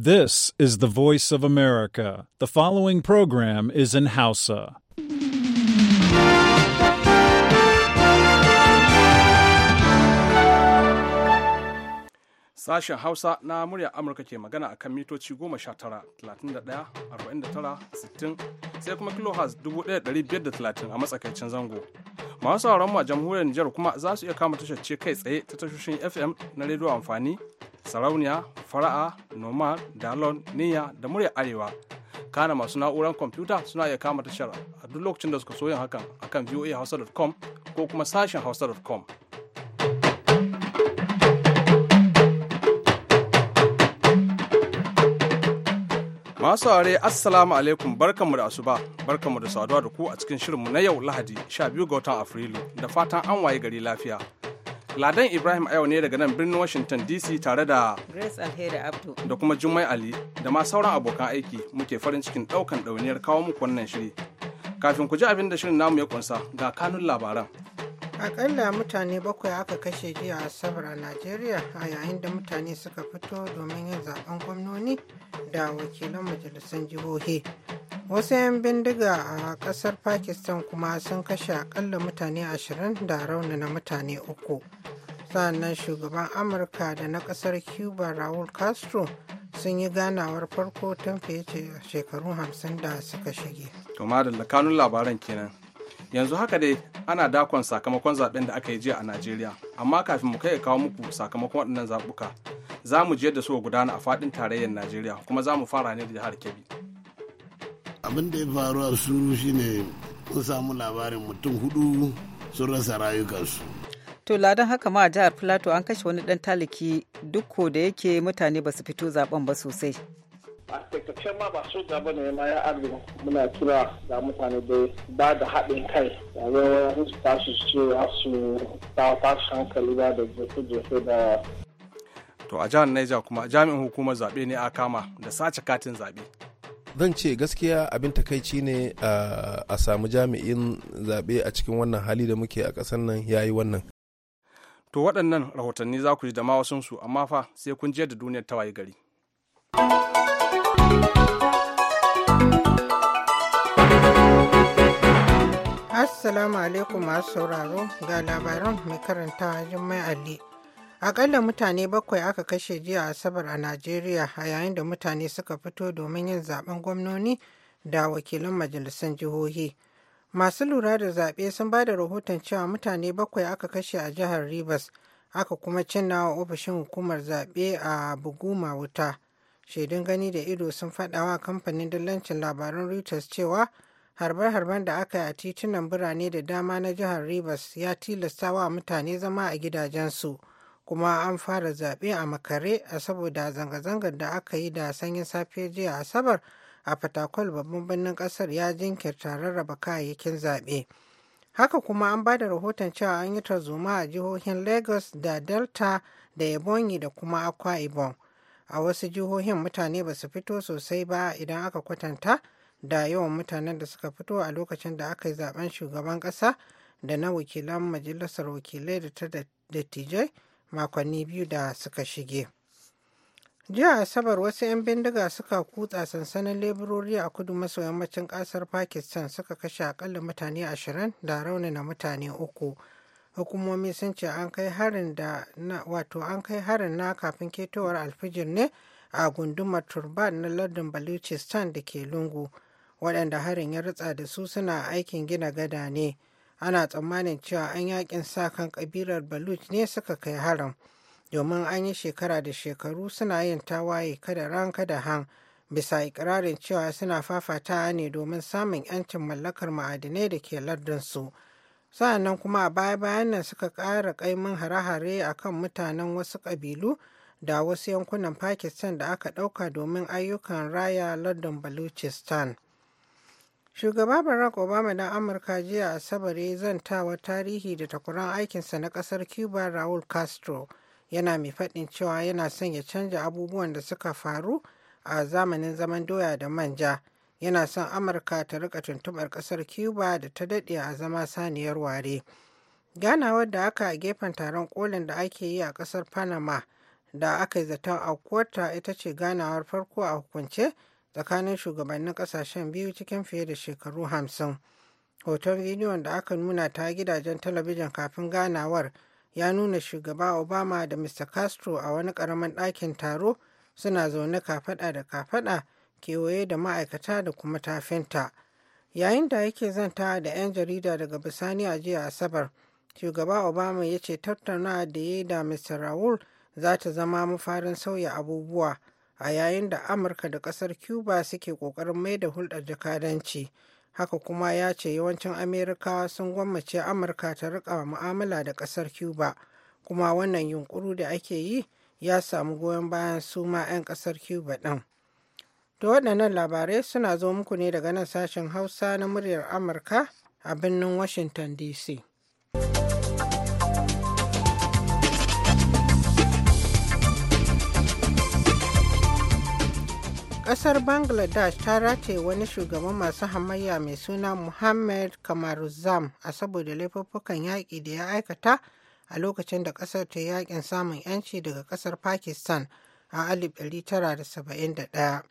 This is the voice of America. The following program is in Hausa. Sashen Hausa na murya Amurka ke magana a kan mitoci 19-31-49-60 sai kuma kilohaz 1530 a matsakaicin zango. Masu sauran mu a jamhuriyar Nijar kuma za su iya kama tashar ce kai tsaye ta tashoshin FM na rediyo amfani sarauniya fara'a nomad dalon niya da murya arewa kana masu na'urar kwamfuta suna iya kama tashar a duk lokacin da suka so yin hakan akan voahausa.com ko kuma sashen hausa.com Masu ware Assalamu alaikum barkanmu da asuba barkanmu da saduwa da ku a cikin shirinmu na yau Lahadi 12 ga watan Afrilu da fatan an waye gari lafiya. Ladan Ibrahim a yau ne daga nan birnin Washington DC tare da Grace Alheri Abdu da kuma Jummai Ali da ma sauran abokan aiki muke farin cikin daukan dauniyar kawo muku wannan shiri. Kafin ku ji abin da shirin namu ya kunsa ga kanun labaran. Akalla mutane bakwai aka kashe jiya a Asabar a Najeriya a yayin da mutane suka fito domin yin zaben gwamnoni da wakilan majalisar jihohi. wasu 'yan bindiga a kasar pakistan kuma sun kashe akalla mutane ashirin da raunana mutane uku sannan shugaban amurka da na kasar cuba raul castro sun yi ganawar farko tun fiye shekaru 50 da suka shige to da kanun labaran kenan yanzu haka dai ana dakon sakamakon zaben da aka yi jiya a najeriya amma kafin mu kai kawo muku sakamakon waɗannan zabuka za mu je da suka gudana a faɗin tarayyar najeriya kuma za mu fara ne da jihar kebbi abin da ya faru a suru shine kun samu labarin mutum hudu sun rasa rayukansu to ladan haka ma a jihar plateau an kashe wani dan taliki duk da yake mutane ba su fito zaben ba sosai a ma ba soja ba ne ma ya arewa muna kira da mutane da ba da haɗin kai da zai su tashi cewa su tashi hankali ba da jefe-jefe da to a jihar Niger kuma jami'in hukumar zaɓe ne a kama da sace katin zaɓe zan ce gaskiya abin takaici ne a samu jami'in zaɓe a cikin wannan hali da muke a ƙasar nan ya yi wannan to waɗannan rahotanni za ku ji da ma wasunsu amma fa sai kun je da duniyar ta waye gari assalamu alaikum masu sauraro ga labaran mai karanta jummai ali Akalla mutane bakwai aka kashe jiya Asabar a Najeriya a yayin da mutane suka fito domin yin zaben gwamnoni da wakilan majalisan jihohi. Masu lura da zaɓe sun ba da rahoton cewa mutane bakwai aka kashe a jihar Rivers aka kuma cinna wa ofishin hukumar zaɓe a Buguma wuta. Shaidun gani da ido sun faɗawa wa kamfanin dillancin labaran Reuters cewa harbar harben da aka yi a titunan birane da dama na jihar Rivers ya tilasta wa mutane zama a gidajensu. kuma an fara zaɓe a makare a saboda zanga-zangar da aka yi da sanyin safe jiya asabar a fatakwal babban birnin ƙasar ya jinkirta rarraba kayayyakin zaɓe haka kuma an ba da rahoton cewa an yi tarzoma a jihohin lagos da delta da ebonyi da kuma akwa ibom a wasu jihohin mutane ba su fito sosai ba idan aka kwatanta da yawan mutanen da suka fito a lokacin da aka yi zaben shugaban ƙasa da na wakilan majalisar wakilai da ta dattijai makonni biyu da suka shige jiya asabar wasu 'yan bindiga suka kutsa sansanin leburori a kudu maso yammacin kasar pakistan suka kashe akalla mutane ashirin da raunana mutane uku hukumomi sun ce an kai harin da na wato an kai harin na kafin ketowar alfijir ne a gundumar turban na lardin baluchistan da ke lungu waɗanda harin ya ritsa da su suna aikin gina gada ne ana tsammanin cewa an yakin sa kan kabilar baluch ne suka kai haram domin an yi shekara da shekaru suna yin tawaye kada ran kada han bisa ikirarin cewa suna fafata ne domin samun 'yancin mallakar ma'adinai da ke lardinsu sa'annan kuma a baya-bayan nan suka kara ƙaimin hare-hare a kan mutanen wasu ƙabilu da wasu yankunan pakistan da aka ɗauka domin ayyukan raya lardin baluchistan Shugaba Barack Obama na Amurka jiya Asabar ya zantawa tarihi da takuran aikinsa na kasar Cuba Raul Castro yana mai faɗin cewa yana son ya canja abubuwan da suka faru a zamanin zaman doya da manja. Yana son Amurka ta rika tuntuɓar kasar Cuba da ta daɗe a zama saniyar ware. Ganawar da aka a gefen taron kolin da ake yi a kasar Panama da aka yi zaton a kwata ita ce ganawar farko a hukunce tsakanin shugabannin kasashen biyu cikin fiye da shekaru hamsin hoton bidiyon da aka nuna ta gidajen talabijin kafin ganawar ya nuna shugaba obama da mr castro a wani karamin ɗakin taro suna zaune kafaɗa da kafaɗa kewaye da ma'aikata da kuma tafinta yayin da yake zanta da 'yan jarida daga bisani a jiya asabar shugaba obama ya ce tattauna da ya da mr raul za ta zama mafarin sauya abubuwa a yayin da amurka da kasar cuba suke kokarin mai da hulɗar jakadanci haka kuma ya ce yawancin amerikawa sun gwammace amurka ta riƙa mu'amala da kasar cuba kuma wannan yunkuru da ake yi ya samu goyon bayan suma 'yan kasar cuba ɗin da waɗannan labarai suna zo muku ne daga nan sashen hausa na muryar amurka a birnin washington dc Ƙasar Bangladesh ta rataye wani shugaban masu hamayya mai suna Muhammad Kamaruzam a saboda laifuffukan yaƙi da ya aikata a lokacin da ƙasar ta yaƙin samun 'yanci daga ƙasar Pakistan a 1971.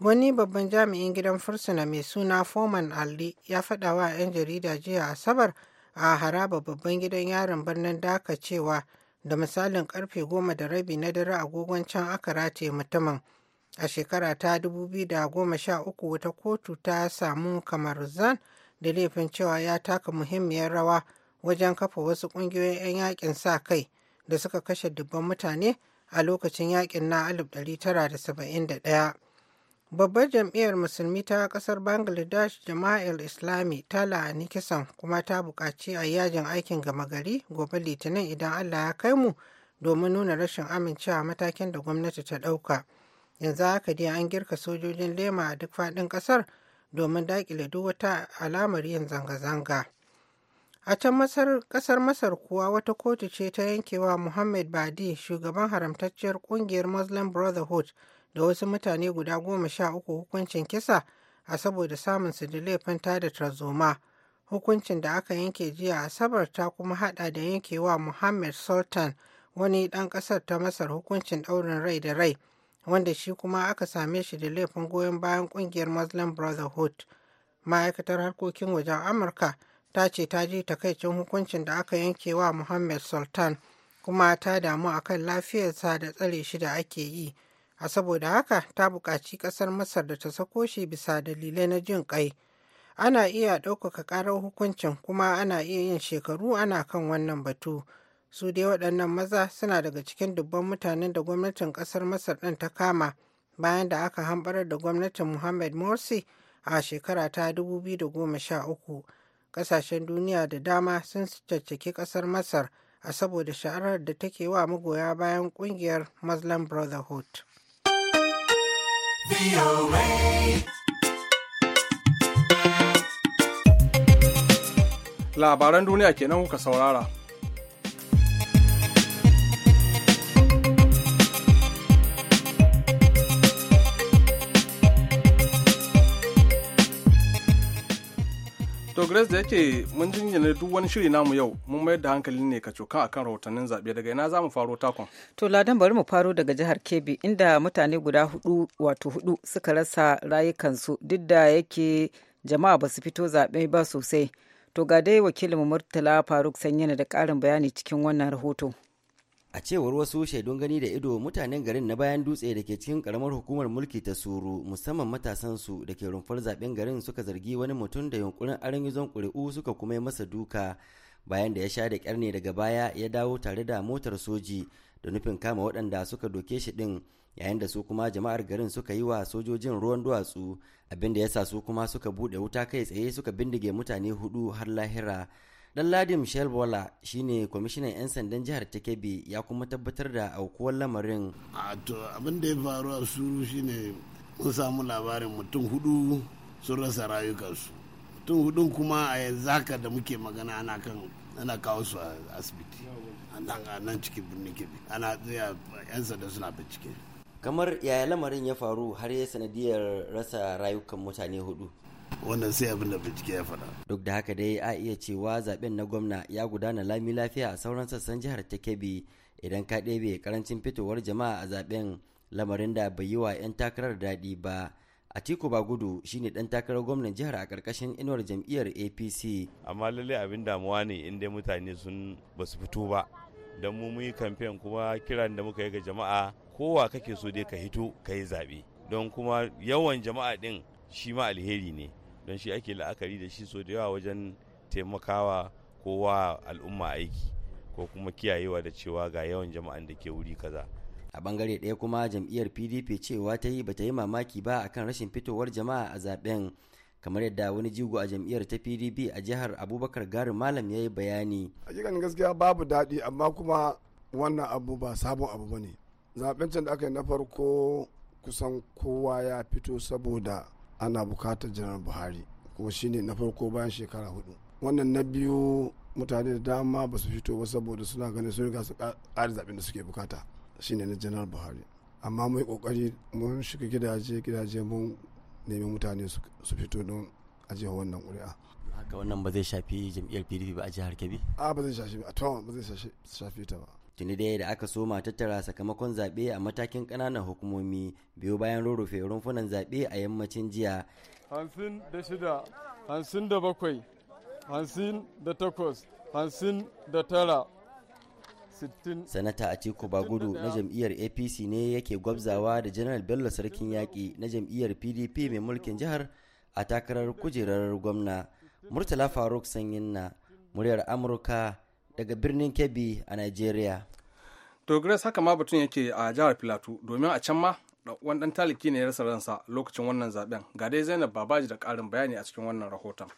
Wani babban jami'in gidan fursuna mai suna Foman Ali ya faɗa wa 'yan jarida jiya Asabar a haraba babban gidan yaron birnin daka cewa da misalin karfe goma da rabi na dare agogon can aka rataye mutumin. a shekara ta 2013 wata kotu ta samu Zan da laifin cewa ya taka muhimmiyar rawa wajen kafa wasu ƙungiyoyin 'yan yakin sa kai da suka kashe dubban mutane a lokacin yakin na 1971 babbar jam'iyyar musulmi ta kasar bangladesh jama'ar islami ta la'ani kisan kuma ta bukaci a yajin aikin gama gari gobe litinin idan allah ya kai mu domin nuna rashin amincewa matakin da gwamnati ta ɗauka. yanzu haka dai an girka sojojin lema a duk faɗin ƙasar domin daƙile duk wata alamar yin zanga-zanga a can ƙasar masar kuwa wata kotu ce ta yankewa muhammad badi shugaban haramtacciyar ƙungiyar muslim brotherhood da wasu mutane guda goma sha uku hukuncin kisa a saboda samun su da laifin tada tarzoma hukuncin da aka yanke jiya asabar ta kuma hada da yankewa muhammad sultan wani ɗan ƙasar ta masar hukuncin ɗaurin rai da rai wanda shi kuma aka same shi da laifin goyon bayan kungiyar muslim brotherhood ma'aikatar harkokin wajen amurka ta ce ta ji takaicin hukuncin da aka yanke wa muhammad sultan kuma ta damu akan lafiyarsa da tsare shi da ake yi a saboda haka ta buƙaci ƙasar masar da ta sako shi bisa dalilai na jin ƙai ana iya ɗaukaka ƙarar hukuncin kuma ana iya yin shekaru ana kan wannan batu. su dai waɗannan maza suna daga cikin dubban mutanen da gwamnatin ƙasar masar ɗin ta kama bayan da aka hambarar da gwamnatin muhammad morsi a shekara ta 2013 ƙasashen duniya da dama sun caccaki ƙasar masar a saboda sha'arar da take wa magoya bayan ƙungiyar muslim brotherhood labaran duniya kenan kuka saurara To Grace da yake mun jinjina duk wani shiri namu yau mun mayar da hankali ne ka cokan akan rahotannin zaɓe daga ina za mu faro takon. To ladan bari mu faro daga jihar Kebbi inda mutane guda hudu wato hudu suka rasa rayukansu duk da yake jama'a ba su fito zaɓe ba sosai. To ga dai wakilin Murtala Faruk Sanyana da ƙarin bayani cikin wannan rahoto. a cewar wasu shaidun gani da ido mutanen garin na bayan dutse da ke cikin karamar hukumar mulki ta suru musamman matasan su da ke rumfar zaben garin suka zargi wani mutum da yunkurin aron yuzon ƙuri'u suka kuma masa duka bayan da ya sha da kyar ne daga baya ya dawo tare da motar soji da nufin kama waɗanda suka doke shi ɗin yayin da su kuma jama'ar garin suka yi wa sojojin ruwan duwatsu abinda ya sa su kuma suka buɗe wuta kai tsaye suka bindige mutane hudu har lahira dan ladi Michel Bola shine kwamishinan 'yan sandan jihar ta Kebbi ya kuma tabbatar da aukuwar lamarin. A to abin da ya faru a suru shine mun samu labarin mutum hudu sun rasa rayukansu. Mutum hudun kuma a yanzu haka da muke magana ana kan ana kawo su a asibiti. A nan cikin birnin Kebbi ana tsaya 'yan sanda suna bincike. Kamar yaya lamarin ya faru har ya sanadiyar rasa rayukan mutane hudu. wannan sai abin da bincike ya faɗa. duk da haka dai a iya cewa zaben na gwamna ya gudana lami lafiya a sauran sassan jihar ta kebbi idan ka ɗebe karancin fitowar jama'a a zaben lamarin da bai yi wa 'yan takarar daɗi ba a atiku bagudu shine dan takarar gwamnan jihar a karkashin inuwar jam'iyyar apc amma lallai abin damuwa ne in dai mutane sun ba su fito ba don mu muyi kamfen kuma kiran da muka yi ga jama'a kowa kake so dai ka hito ka yi zaɓe don kuma yawan jama'a ɗin shi ma alheri ne don shi ake la'akari da shi so da yawa wajen taimakawa kowa al'umma aiki ko kuma kiyayewa da cewa ga yawan jama'an da ke wuri kaza a bangare ɗaya kuma jam'iyyar pdp cewa ta yi bata yi mamaki ba akan rashin fitowar jama'a a zaben kamar yadda wani jigo a jam'iyyar ta pdp a jihar abubakar garin malam ya yi bayani hakikanin gaskiya babu daɗi amma kuma wannan abu ba sabon abu ba ne zaben can da aka yi na farko kusan kowa ya fito saboda ana bukatar janar buhari kuma shine na farko bayan shekara hudu wannan na biyu mutane da dama ba su fito ba saboda suna ganin sun riga su ƙari zaɓen da suke bukata shine na janar buhari amma mai kokari mun shiga gidaje gidaje mun nemi mutane su fito don ajiyar wannan ƙuri'a haka wannan ba zai shafi jam'iyyar pdp ba a jihar kebbi a ba zai shafi a ba zai shafi ta ba tuni dai da aka soma tattara sakamakon zaɓe a matakin ƙananan hukumomi biyu bayan rurrufe rumfunan zaɓe a yammacin jiya hansin da shida hansin da bakwai hansin da takwas hansin da tara sanata atiku bagudu na jam'iyyar apc ne yake gwabzawa da janar bello sarkin yaƙi na jam'iyyar pdp mai mulkin jihar a takarar kujerar gwamna murtala faruk sanyin na muryar amurka daga birnin Kebbi a nigeria. To Grace haka ma batun yake a jihar Filato domin a can ma wani taliki ne ya rasa ransa lokacin wannan zaben. Ga dai Zainab Babaji da ƙarin bayani a cikin wannan rahoton.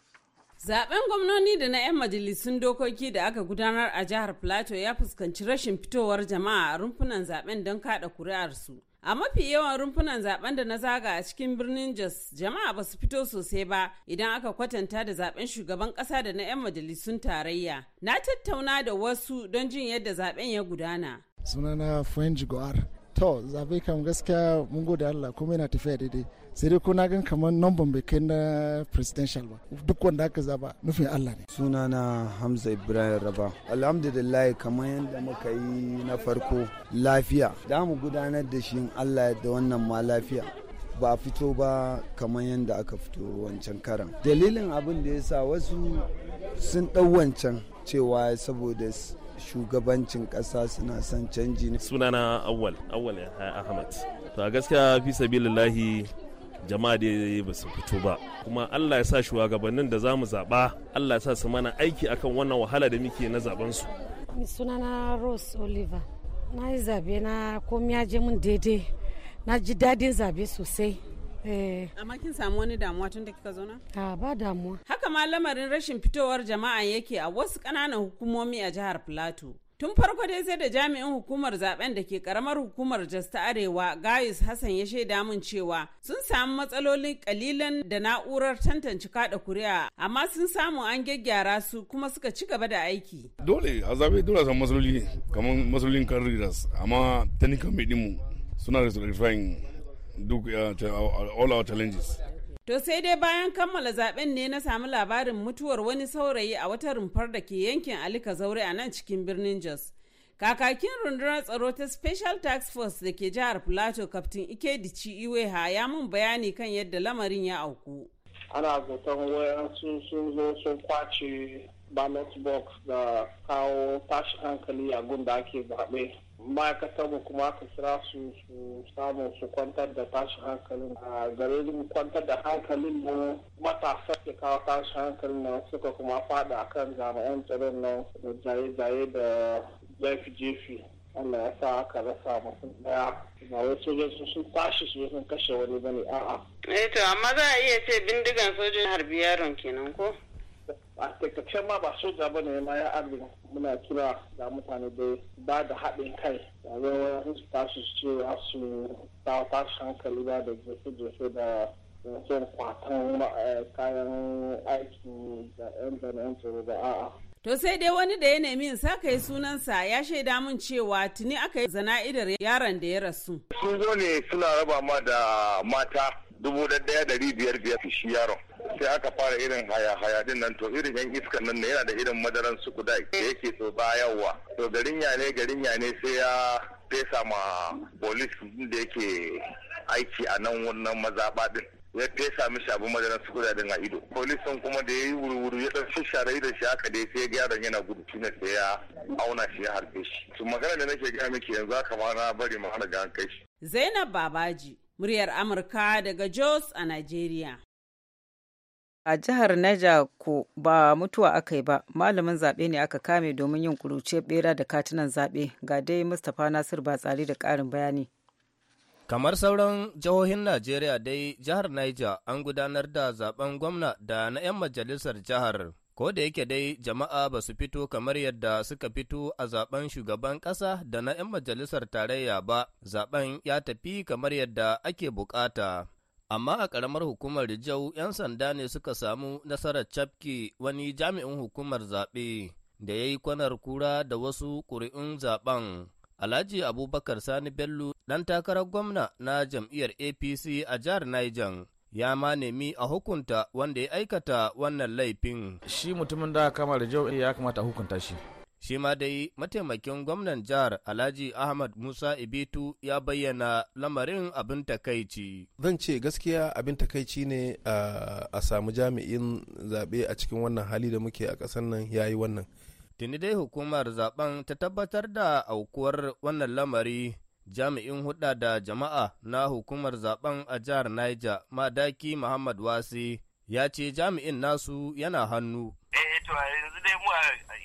Zaben gwamnoni da na 'yan majalisun dokoki da aka gudanar a jihar filato ya fuskanci rashin fitowar jama'a a rumfunan zaben don kada kuri'arsu. A mafi yawan rumfunan zaben da na zaga a cikin birnin Jos jama'a ba su fito sosai ba idan aka kwatanta da zaben shugaban kasa da na 'yan majalisun tarayya. Na tattauna da wasu don jin yadda zaben ya gudana. Sunana Fuenji Goar. to zabe kam gaskiya mun gode Allah kuma yana tafiya daidai sai dai kuna gan kamar namban bai kai na presidential ba duk wanda aka zaba nufin Allah ne Suna na Hamza Ibrahim Raba alhamdulillah kamar yadda muka yi na farko lafiya da mu gudanar da shi Allah da wannan ma lafiya ba a fito ba kamar yadda aka fito wancan karan dalilin abin da ya sa wasu sun dau wancan cewa saboda shugabancin ƙasa suna son canji ne sunana awwal awwal ahmad to a gaskiya fi sabilillahi jama'a da ba su fito ba kuma Allah ya sa shugabannin da za mu zaɓa Allah ya sa su mana aiki akan wannan wahala da muke na zaben su sunana Rose Oliver na yi zabe na komi ya je mun daidai na ji dadin zabe sosai eh. amma kin samu wani damuwa tun da kika zo na? Ah, ba damuwa Haka ma lamarin rashin fitowar jama'a yake a wasu ƙananan hukumomi a jihar Plateau. Tun farko dai sai da jami'in hukumar zaben da ke karamar hukumar Jas ta Arewa Gayus Hassan ya shaida mun cewa sun samu matsaloli kalilan da na'urar tantance kada kuri'a amma sun samu an gyaggyara su kuma suka ci gaba da aiki. Dole a zabe dole samu matsaloli kamar matsalolin kan amma technical mai dimu suna da duk eh, all our challenges. To sai dai bayan kammala zaben ne na sami labarin mutuwar wani saurayi a wata rumfar da ke yankin Alika Zaure a nan cikin birnin Jos. Kakakin rundunar tsaro ta Special Task Force da ke jihar Plateau Captain Ikedici Iweha ya mun bayani kan yadda lamarin ya auku. Ana zaton wayan sun zo sun kwace ballot box da kawo tashi hankali a gun ake zaɓe ma'aikatanmu kuma aka kira su su samu su kwantar da tashin hankalin a gare mu kwantar da hankalin mu matasa ke kawo tashin hankalin nan suka kuma fada akan jami'an tsaron nan da jaye-jaye da jefi-jefi Allah ya sa aka rasa mutum daya ba wai sojoji sun tashi su sun kashe wani bane a'a. Eh to amma za a iya ce bindigan sojojin harbi yaron kenan ko? a taikace ma ba soja ba ne ma ya arziki muna kira da mutane da ba da haɗin kai da zai su tashi su ce su tashi hankali ba da jefe-jefe da yankin kwatan eh, kayan aiki da yan zanen tsoro da a'a. To sai dai wani da ya nemi sa yi sunansa ya shaida min cewa tuni aka yi zana'idar yaron da ya rasu. Sun zo ne suna raba ma da mata dubu da ɗaya ɗari biyar biyar shi yaron. sai aka fara irin haya-haya din nan to irin yan iskan nan ne yana da irin madaran su da yake so bayarwa to garin ya ne garin ya sai ya fesa ma polis da yake aiki a nan wannan mazaɓa din ya fesa mishi abin madaran su din a ido polisin kuma da ya yi wuri-wuri ya ɗan shishare da shi haka dai sai yaron yana gudu shi sai ya auna shi ya harbe shi to magana da nake gaya miki yanzu haka ma na bari ma hana ga kai shi zainab babaji muryar amurka daga jos a Najeriya. a jihar Niger ko ba mutuwa aka yi ba malamin zaɓe ne aka kame domin yin kuruce bera da katunan zaɓe ga dai mustapha nasir batsari da ƙarin bayani kamar sauran jihohin najeriya dai jihar niger an gudanar da zaben gwamna da na 'yan majalisar jihar ko da yake dai jama'a ba su fito kamar yadda suka fito a zaben shugaban ƙasa da na 'yan majalisar tarayya ba zaben ya tafi kamar yadda ake bukata amma a ƙaramar hukumar Rijau 'yan sanda ne suka samu nasarar cafke wani jami'in hukumar zaɓe da ya yi kwanar kura da wasu ƙuri'un zaɓen. Alhaji Abubakar Sani Bello ɗan takarar gwamna na jam'iyyar APC a jihar Niger ya ma nemi a hukunta wanda ya aikata wannan laifin. Shi mutumin da kama da Rijau eh, ya kamata a hukunta shi. Shi ma dai mataimakin gwamnan jihar Alhaji Ahmad Musa Ibitu ya bayyana lamarin abin takaici. Zan ce gaskiya abin takaici ne ah, a samu jami'in zaɓe a cikin wannan hali da muke a ƙasar nan ya yi wannan. Tuni dai hukumar zaben ta tabbatar da aukuwar wannan lamari jami'in hudda da jama'a na hukumar zaben a jihar Niger Madaki Muhammad Wasi ya ce jami'in nasu yana hannu. Eh to a yanzu dai mu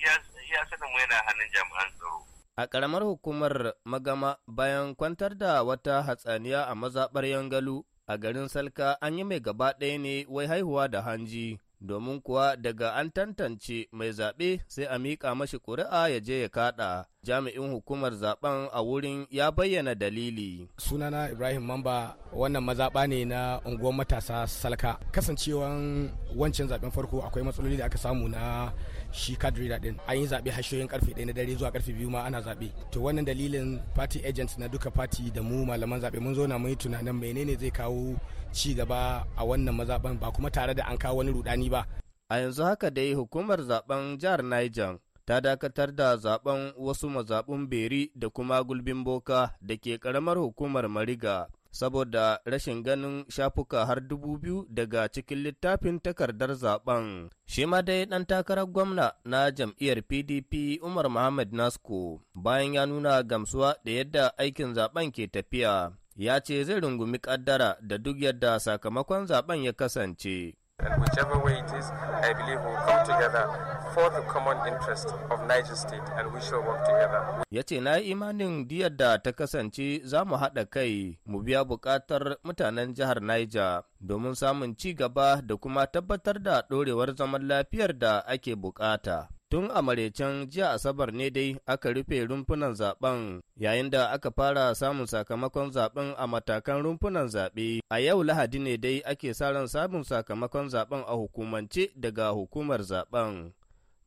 ya sanin mu yana hannun jami'an tsaro. A ƙaramar hukumar magama bayan kwantar da wata hatsaniya a mazaɓar Yangalu a garin Salka an yi mai gaba ɗaya ne wai haihuwa da hanji. domin kuwa daga an tantance mai zaɓe sai a miƙa mashi ƙuri'a ya je ya kaɗa. Jami'in hukumar zaɓen a wurin ya bayyana dalili. Sunana Ibrahim Mamba wannan mazaɓa ne na unguwar matasa Salka. Kasancewan wancan zaɓen farko akwai matsaloli da aka samu na shi kadrida din an yi zaɓe hashoyin karfe ɗaya na dare zuwa karfe biyu ma ana zaɓe to wannan dalilin party agents na duka party da mu malaman zaɓe mun zo na mun yi tunanin menene zai kawo ci gaba a wannan mazaɓan ba kuma tare da an kawo wani rudani ba a yanzu haka dai hukumar zaɓen jihar Niger ta dakatar da zaɓen wasu mazaɓun beri da kuma gulbin boka da ke ƙaramar hukumar mariga saboda rashin ganin shafuka har dubu biyu daga cikin littafin takardar zaben. Shi ma dai ɗan takarar gwamna na jam'iyyar PDP Umar Muhammad Nasko bayan ya nuna gamsuwa da yadda aikin zaben ke tafiya. Ya ce zai rungumi ƙaddara da duk yadda sakamakon zaben ya kasance. Whichever way it is, I believe we'll come together for the common interest of Niger State and we shall work together. Ya ce na yi imanin diyar da ta kasance za mu haɗa kai mu biya buƙatar mutanen jihar Niger domin samun ci gaba da kuma tabbatar da ɗorewar zaman lafiyar da ake buƙata. Tun a maraicen jiya Asabar ne dai aka rufe rumfunan zaben yayin da aka fara samun sakamakon zaben a matakan rumfunan zaɓe. A yau Lahadi ne dai ake sa ran samun sakamakon zaben a hukumance daga hukumar zaben.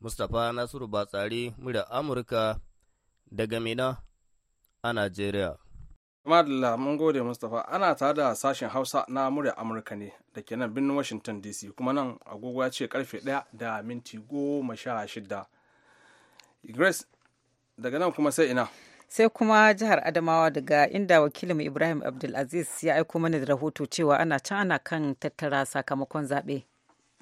Mustapha Nasiru Batsari, murya Amurka, daga Mina a Najeriya. Madalla mun gode Mustapha ana tare da sashen Hausa na murya Amurka ne da ke nan birnin Washington DC kuma nan agogo ya ce karfe 1 da minti shida. Grace daga nan kuma sai ina. Sai kuma jihar Adamawa daga inda wakilin Ibrahim Abdulaziz ya aiko mana da rahoto cewa ana can ana kan tattara sakamakon zaɓe.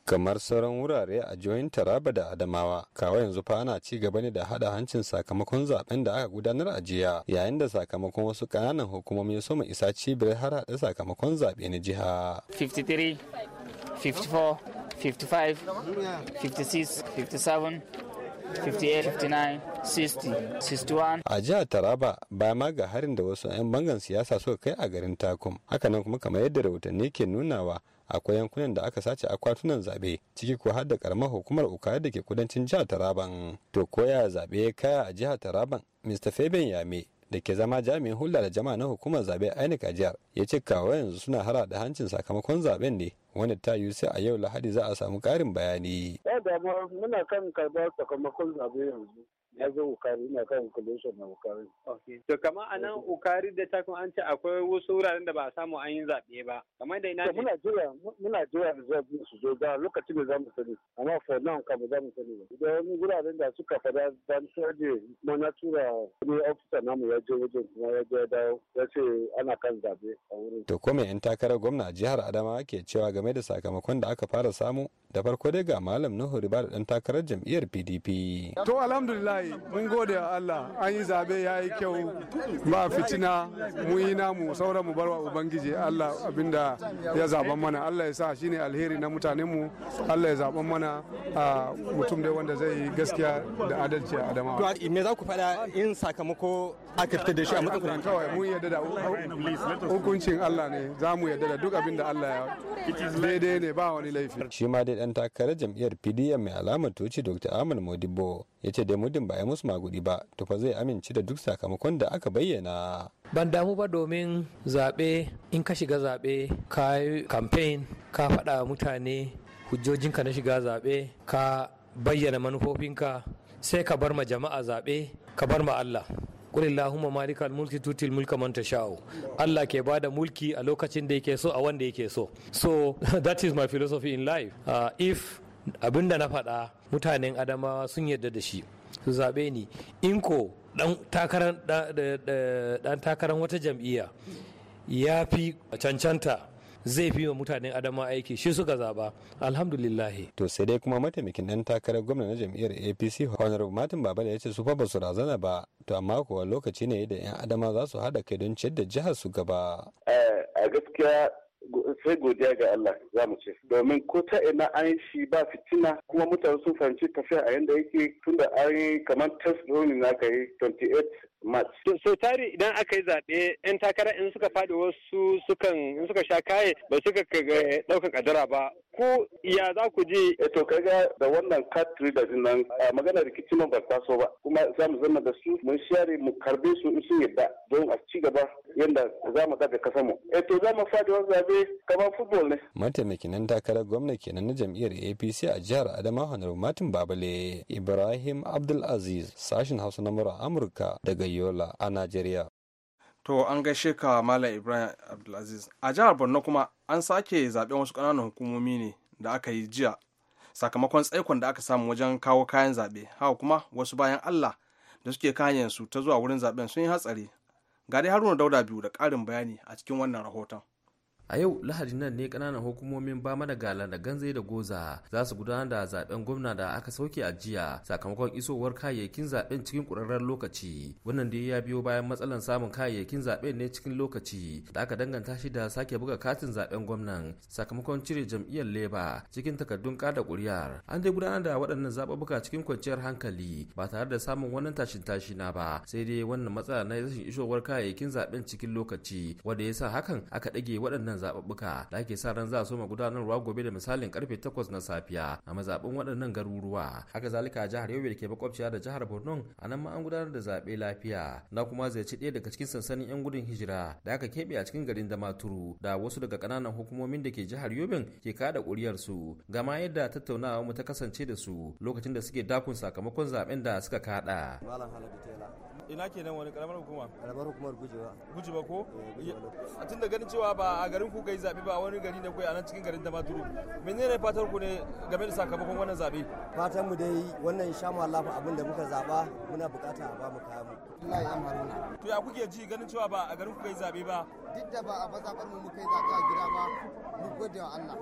kamar sauran wurare a jihohin taraba da adamawa kawo yanzu fa ana ci gaba ne da hada hancin sakamakon zaben da aka gudanar a jiya yayin da sakamakon wasu kananan hukumomi su mai isa cibiyar har hada sakamakon zabe na jiha 53 54 A jihar Taraba baya ma ga harin da wasu 'yan bangan siyasa suka kai a garin Takum. Hakanan kuma kamar yadda rahotanni ke nunawa akwai yankunan da aka sace akwatunan zaɓe ciki ko har da karamar hukumar ukaya da ke kudancin jihar taraban to koya zaɓe ya kaya a jihar taraban mr feben yame da ke zama jami'in hulɗa da jama'a na hukumar zabe INEC a ya ce kawo yanzu suna hara da hancin sakamakon zaben ne wani ta yi sai a yau lahadi za a samu ƙarin bayani. Ya damuwa muna kan karɓar sakamakon zaɓe yanzu. na zo ukari kan na ukari to kamar a ukari da ta kuma an ce akwai wasu wuraren da ba a samu an yi zaɓe ba kamar da ina muna jira muna jira da zaɓe su zo da lokacin da za mu sani amma for now kan ba za mu sani ba idan wuraren da suka fada dan sade kuma na tura wani ofisa namu ya je wajen kuma ya je dawo ya ce ana kan zaɓe a wurin to ko yan takarar gwamna a jihar adamawa ke cewa game da sakamakon da aka fara samu da farko dai ga malam nuhu Ribar da dan takarar jam'iyyar pdp to alhamdulillah mun gode wa Allah an yi zabe ya yi kyau ba fitina mu yi namu sauran mu barwa ubangiji Allah abinda ya zaben mana Allah ya sa shine alheri na mutanen mu Allah ya zaben mana mutum dai wanda zai yi gaskiya da adalci a Adama. to me za ku faɗa in sakamako aka fita da shi a matsayin kawai mun yadda da hukuncin Allah ne za mu yadda da duk abin Allah ya daidai ne ba wani laifi shi ma dai dan takarar jam'iyyar PDM mai alamar toci Dr. Ahmad Modibo ya ce dai muddin ba ya musu magudi ba to fa zai amince da duk sakamakon da aka bayyana ban damu ba domin zaɓe in ka shiga zaɓe ka yi kamfen ka faɗa mutane hujjojinka na shiga zaɓe ka bayyana manufofinka sai ka bar ma jama'a zaɓe ka bar ma Allah قل اللهم مالك الملك تؤتي الملك من تشاء الله ke bada mulki a lokacin da yake so a wanda yake so so that is my philosophy in life uh, if abinda na faɗa mutanen adamawa sun yarda da shi su zaɓe ni in ko dan takarar wata jam'iyya ya fi cancanta zai fi wa mutanen adama aiki shi suka zaba alhamdulillah to sai dai kuma mataimakin dan takarar gwamna na jam'iyyar apc honorable martin babala ya ce su fa ba su razana ba to amma kuwa lokaci ne da yan adama za su hada kai don ciyar da jihar su gaba eh, a gaskiya sai godiya ga Allah za mu ce domin ko ta ina an shi ba fitina kuma mutane sun fahimci tafiya a yanda yake tunda an yi kamar test ne na ka yi 28 March. So tari idan aka yi zaɓe 'yan takara in suka faɗi wasu sukan in suka sha kaye ba suka ɗauka kadara ba ko ya za ku je eh, to kaga da wannan katri da nan magana rikici man ba taso ba kuma za mu zama da su mun share mu karbe su in sun yadda don a ci gaba yadda za mu daga kasa mu e to za mu fadi wani zabe kamar football ne mataimakin nan takarar gwamna kenan na jam'iyyar APC a jihar Adamawa Honorable Martin Babale Ibrahim Abdulaziz sashin Hausa na Amurka daga Yola a Najeriya to an gaishe ka malam ibrahim abdulaziz a jihar borno kuma an sake zaɓen wasu ƙananan hukumomi ne da aka yi jiya sakamakon tsaikon da aka samu wajen kawo kayan zaɓe haka kuma wasu bayan allah da suke kayan su ta zuwa wurin zaɓen sun yi hatsari ga dai haruna dauda biyu da ƙarin bayani a cikin wannan rahoton a yau lahadi nan ne kananan hukumomin bama da gala da ganze da goza za su gudanar da zaben gwamna da aka sauke a jiya sakamakon isowar kayayyakin zaben cikin kurarren lokaci wannan da ya biyo bayan matsalan samun kayayyakin zaben ne cikin lokaci da aka danganta shi da sake buga katin zaben gwamnan sakamakon cire jam'iyyar leba cikin takardun kada kuri'ar an dai gudanar da waɗannan zababuka cikin kwanciyar hankali ba tare da samun wannan tashin tashina ba sai dai wannan matsala na rashin isowar kayayyakin zaben cikin lokaci wanda ya sa hakan aka ɗage waɗannan zaɓuɓɓuka da ake sa ran za a soma gudanarwa gobe da misalin karfe takwas na safiya a mazaɓin waɗannan garuruwa haka zalika a jihar yobe da ke makwabciya da jihar borno a nan ma an gudanar da zaɓe lafiya na kuma zai ci ɗaya daga cikin sansanin 'yan gudun hijira da aka keɓe a cikin garin damaturu da wasu daga ƙananan hukumomin da ke jihar yobin ke kada ƙuriyarsu ga ma yadda tattaunawa mu ta kasance da su lokacin da suke dakun sakamakon zaɓen da suka kada. ina kenan wani karamar hukumar gujewa gujewa ko eh, tun da ganin cewa ba a garin ku yi zaɓe ba wani gari ne kai a nan cikin garin Damaturu menene fatar ku ne game da sakamakon wannan zaɓe fatan mu dai wannan sha mu Allah abin da muka zaba muna bukata a ba mu kayan mu Allah ya to ya kuke ji ganin cewa ba a garin ku yi zaɓe ba duk da ba a mazaɓar mu muka yi zaɓe a gida ba mu gode wa Allah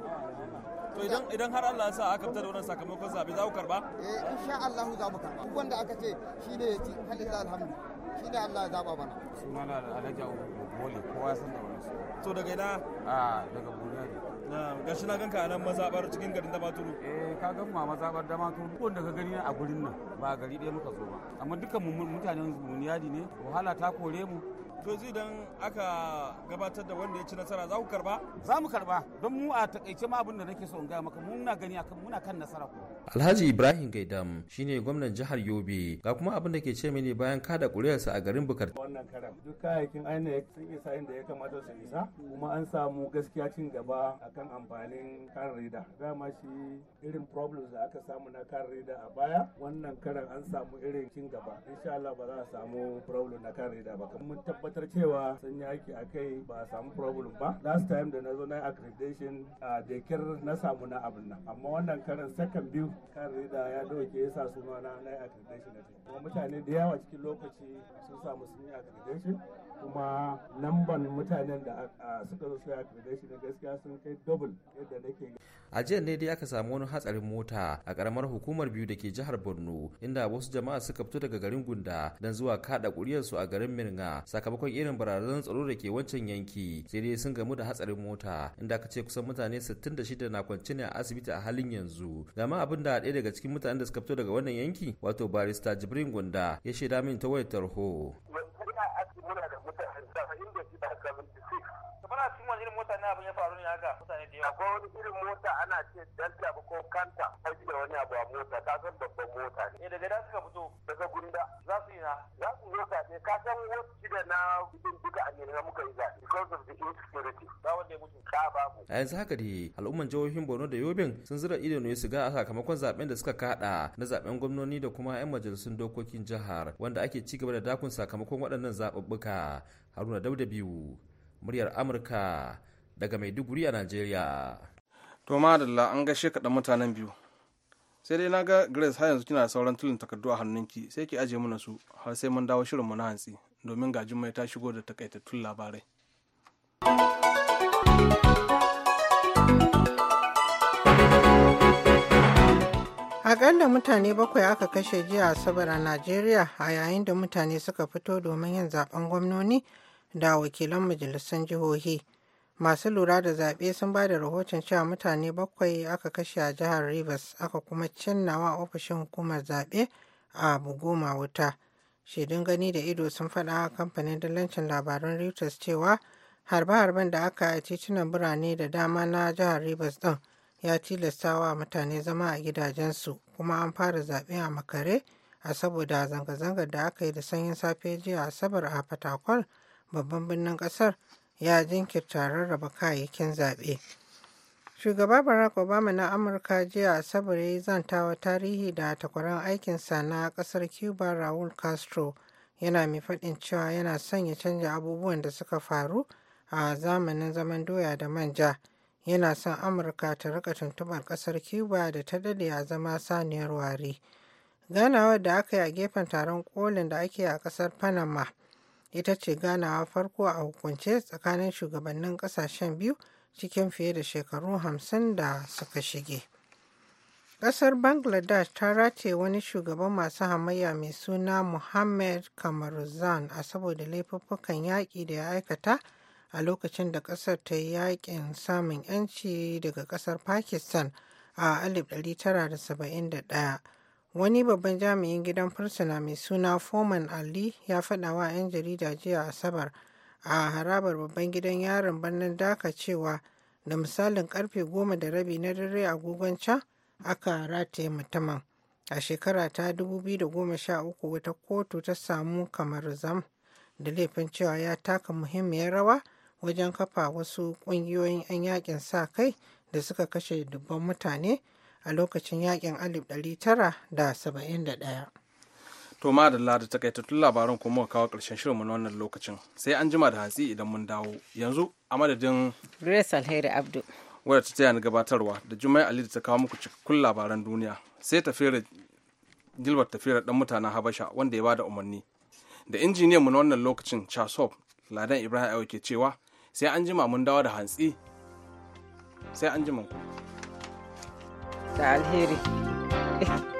to idan idan har Allah ya sa aka fitar da wannan sakamakon zaɓe za ku karba eh insha Allah za mu karba wanda aka ce shine ya ci alhamdulillah shi ne Allah ya zaba mana suna na alhaji abu mole kowa san da wani so daga ina a daga buniyari ga shi na ganka a nan mazabar cikin garin damaturu eh ka gan ma mazabar damaturu ko daga gani a gurin nan ba gari ɗaya muka zo ba amma dukkan mutanen buniyari ne wahala ta kore mu to zai dan aka gabatar da wanda ya ci nasara za ku karba za mu karba don mu a takaice ma abin da nake so in gaya maka muna gani akan muna kan nasara ko Alhaji Ibrahim Gaidam shine gwamnan jihar Yobe ga kuma abin da ke ce mini bayan kada kuriyarsa a garin Bukar wannan karan duk kayayyakin ya sun isa inda ya kamata su isa kuma an samu gaskiya cin gaba akan amfanin kan rida dama shi irin problems da aka samu na kan rida a baya wannan karan an samu irin cin gaba insha Allah ba za a samu problem na kan rida ba kuma tabbatar cewa sun yi aiki a kai ba a samu problem ba last time da na zo na accreditation a dekir na samu na abin nan amma wannan karin second biyu kan rida ya dauke ya sa suna na na accreditation da kuma mutane da yawa cikin lokaci sun samu sun yi accreditation kuma lamban mutanen da suka zo suka karbe shi na gaskiya sun kai double yadda nake a jiya ne dai aka samu wani hatsarin mota a karamar hukumar biyu da ke jihar borno inda wasu jama'a suka fito daga garin gunda don zuwa kada kuriyarsu a garin mirna sakamakon irin barazanar tsaro da ke wancan yanki sai dai sun gamu da hatsarin mota inda aka ce kusan mutane 66 na kwance ne a asibiti a halin yanzu gama abin da ɗaya daga cikin mutanen da suka fito daga wannan yanki wato barista jibrin gunda ya shaida min ta wayar tarho abin ya faru ne haka mutane da yawa akwai wani irin mota ana ce delta ko kanta ta da wani abu a mota ka san babban mota ne eh, daga da suka fito daga gunda za su yi na za su zo zaɓe ka san wasu shida na gudun a na muka yi zaɓe because of the insecurity ba wanda ya mutu ka babu a yanzu haka dai al'umman jihohin borno da yobin sun zira ido ne su ga a sakamakon zaɓen da suka kaɗa na zaɓen gwamnoni da kuma 'yan majalisun dokokin jihar wanda ake ci gaba da dakon sakamakon waɗannan zaɓuɓɓuka haruna dauda biyu muryar amurka daga Maiduguri a Najeriya. To madalla an gaishe kaɗan mutanen biyu. Sai dai na ga Grace har yanzu kina da sauran tulin takardu a hannunki sai ki aje mana su har sai mun dawo shirinmu na hantsi domin gajin mai ta shigo da takaitattun labarai. Akalla mutane bakwai aka kashe jiya Asabar a Najeriya a yayin da mutane suka fito domin yin zaben gwamnoni da wakilan majalisun jihohi. masu lura da zaɓe sun ba da rahoton cewa mutane bakwai aka kashe a jihar rivers aka kuma cinnawa ofishin hukumar zaɓe a bugoma wuta shaidun gani da ido sun faɗa a kamfanin dillancin labarun reuters cewa harbe-harben da aka a titunan birane da dama na jihar rivers ɗin ya tilasta wa mutane zama a gidajensu kuma an fara zaɓe a makare a saboda zanga-zangar da aka yi da sanyin safe jiya asabar a fatakwal babban birnin ƙasar ya jinkirta rarraba kayayyakin zaɓe. Shugaba Barack Obama na Amurka jiya Asabar ya yi zantawa tarihi da takwaran aikinsa na ƙasar Cuba Raul Castro yana mai faɗin cewa yana son ya canja abubuwan da suka faru a zamanin zaman doya da manja. Yana son Amurka ta rika tuntuɓar ƙasar Cuba da ta dade a zama saniyar wari. Ganawar da aka yi a gefen taron kolin da ake a ƙasar Panama. ita ce ganawa farko a hukunce tsakanin shugabannin kasashen biyu cikin fiye da shekaru hamsin da suka shige. Ƙasar Bangladesh ta race wani shugaban masu hamayya mai suna Muhammad Kamaruzan a saboda laifuffukan yaƙi da ya aikata a lokacin da ƙasar ta yi yaƙin samun 'yanci daga ƙasar Pakistan a 1971. Wani babban jami'in gidan fursuna mai suna Foman Ali ya faɗa wa 'yan jarida jiya Asabar a harabar babban gidan yarin birnin daka cewa da misalin karfe goma da rabi na dare agogon can aka rataye mutumin. A shekara ta 2013 wata kotu ta samu kamar zam da laifin cewa ya taka muhimmiyar rawa wajen kafa wasu ƙungiyoyin 'yan yakin sa kai da suka kashe dubban mutane. a lokacin yakin 1971. To ma da lada takaitattun labaran kuma kawo ƙarshen shirinmu na wannan lokacin sai an jima da hantsi idan mun dawo yanzu a madadin Grace Alheri Abdu wadda ta taya ni gabatarwa da Jumai Ali da ta kawo muku cikakkun labaran duniya sai tafiyar Gilbert tafiyar dan mutanen Habasha wanda ya bada umarni da injiniyan mu na wannan lokacin Chasop Ladan Ibrahim Ayo ke cewa sai an jima mun dawo da hantsi sai an jima ku. تعال هيري